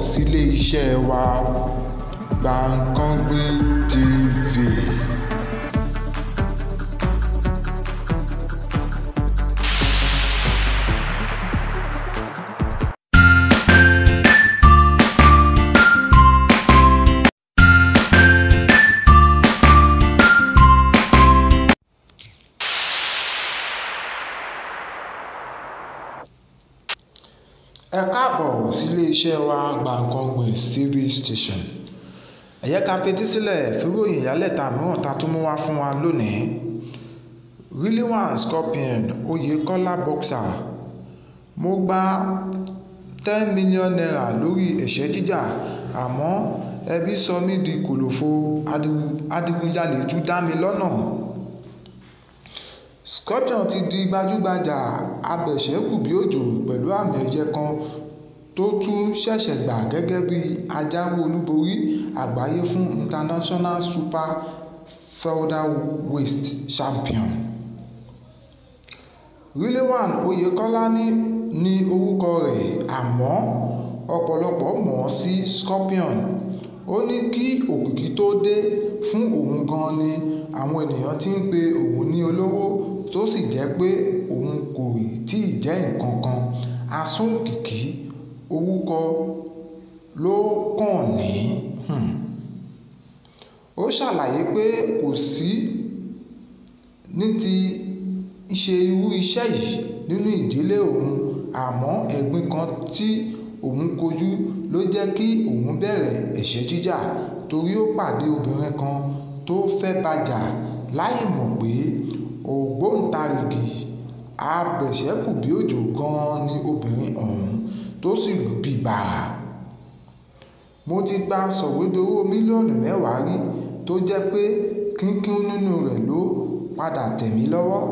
sílé iṣẹ́ wa Gbankanbi TV. ẹ káàbọ̀ sílé iṣẹ́ wa Gbankanbi TV station ẹ yẹ ká fetí sílẹ̀ fúròyìn ìyálẹ̀ta mìíràn ta tún mú wá fún wa lónìí Rilwan Scorpion Oyekola boxer mo gba ten million naira lórí ẹ̀ṣẹ́ jíjà àmọ́ ẹbí sọ mí di kòlòfo adigunjalè tún dá mi lọ́nà. No Scorpion ti di gbajúgbajà abẹ̀ṣẹ́kùbíòjò pẹ̀lú àmì ẹ̀yẹ kan tó tún ṣẹ̀ṣẹ̀ gbà gẹ́gẹ́ bí ajáwé olúborí àgbáyé fún International Super Featherweight Champion. Rilwan Oyekola ni orúkọ rẹ̀ àmọ́ ọ̀pọ̀lọpọ̀ mọ̀ ọ́ sí Scorpion. Ó ní kí òkìkí tó dé fún òun gan ni àwọn ènìyàn ti ń pe òun ní olówó jẹ́ pé òun kò tí ì jẹ́ nǹkan kan asúnkìkì orúkọ ló kàn ní. um ó ṣàlàyé pé kò sí ní ti ṣe irú iṣẹ́ yìí nínú ìdílé òun àmọ́ ẹ̀gbin kan tí òun kojú ló jẹ́ kí òun bẹ̀rẹ̀ ẹ̀ṣẹ́ jíjà torí ó pàdé obìnrin kan tó fẹ́ bá jà láì mọ̀ pé ògbóǹtarìgì abẹ̀ṣẹ́kùbíòjò gan-an ni obìnrin ọ̀hún tó sì lù bíi bàrà mo ti gba sọ̀wédowó mílíọ̀nù mẹ́wàá rí tó jẹ́ pé kínkín nínú rẹ̀ ló padà tẹ̀ mí lọ́wọ́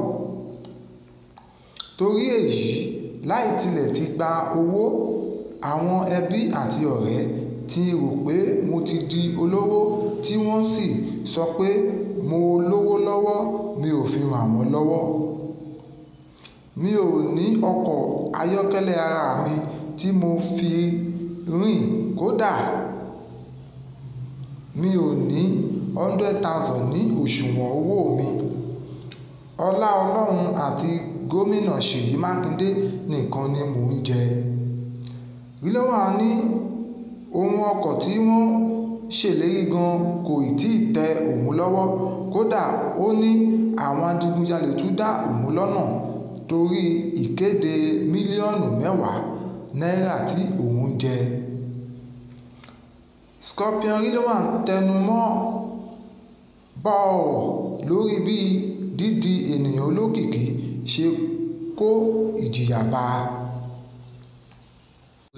torí èyí láì tilẹ̀ ti gba owó àwọn ẹbí àti ọ̀rẹ́ ti rò pé mo ti di olówó tí wọ́n sì sọ pé mo lówó lọ́wọ́ mi ò fi ràn wọ́n lọ́wọ́ mi ò ní ọkọ̀ ayọ́kẹ́lẹ́ ara mi tí mo fi rìn kódà mi ò ní hundred thousand ní òṣùwọ̀n owó mi ọlá ọlọ́run àti gómìnà ṣèyí mákindé nìkan ni mò ń jẹ rílọ́wọ́ ní ohun ọkọ̀ tí wọ́n ṣèlérí gan kò tí ì tẹ òun lọ́wọ́ kódà ó ní àwọn adigunjalè tún dá òun lọ́nà torí ìkéde mílíọ̀nù mẹ́wàá náírà tí òun jẹ scorpion rilwan tẹnu mọ́ bọ́ọ̀rọ̀ lórí bí dídi ènìyàn olókìkí ṣe kó ìjìyà bá a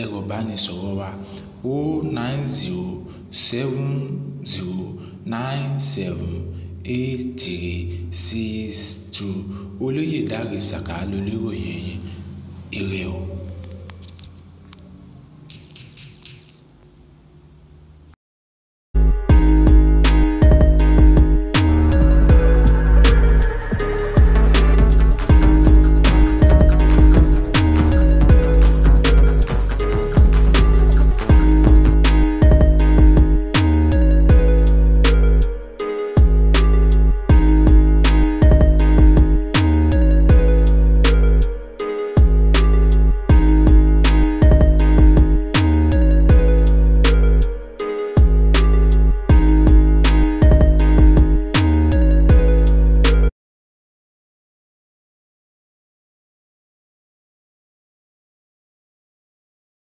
ẹ̀rọ ìbánisọ̀rọ̀ wa o nine zero seven zero nine seven eight three six two olóyèdárì sàká lolóròyìn yín ire o.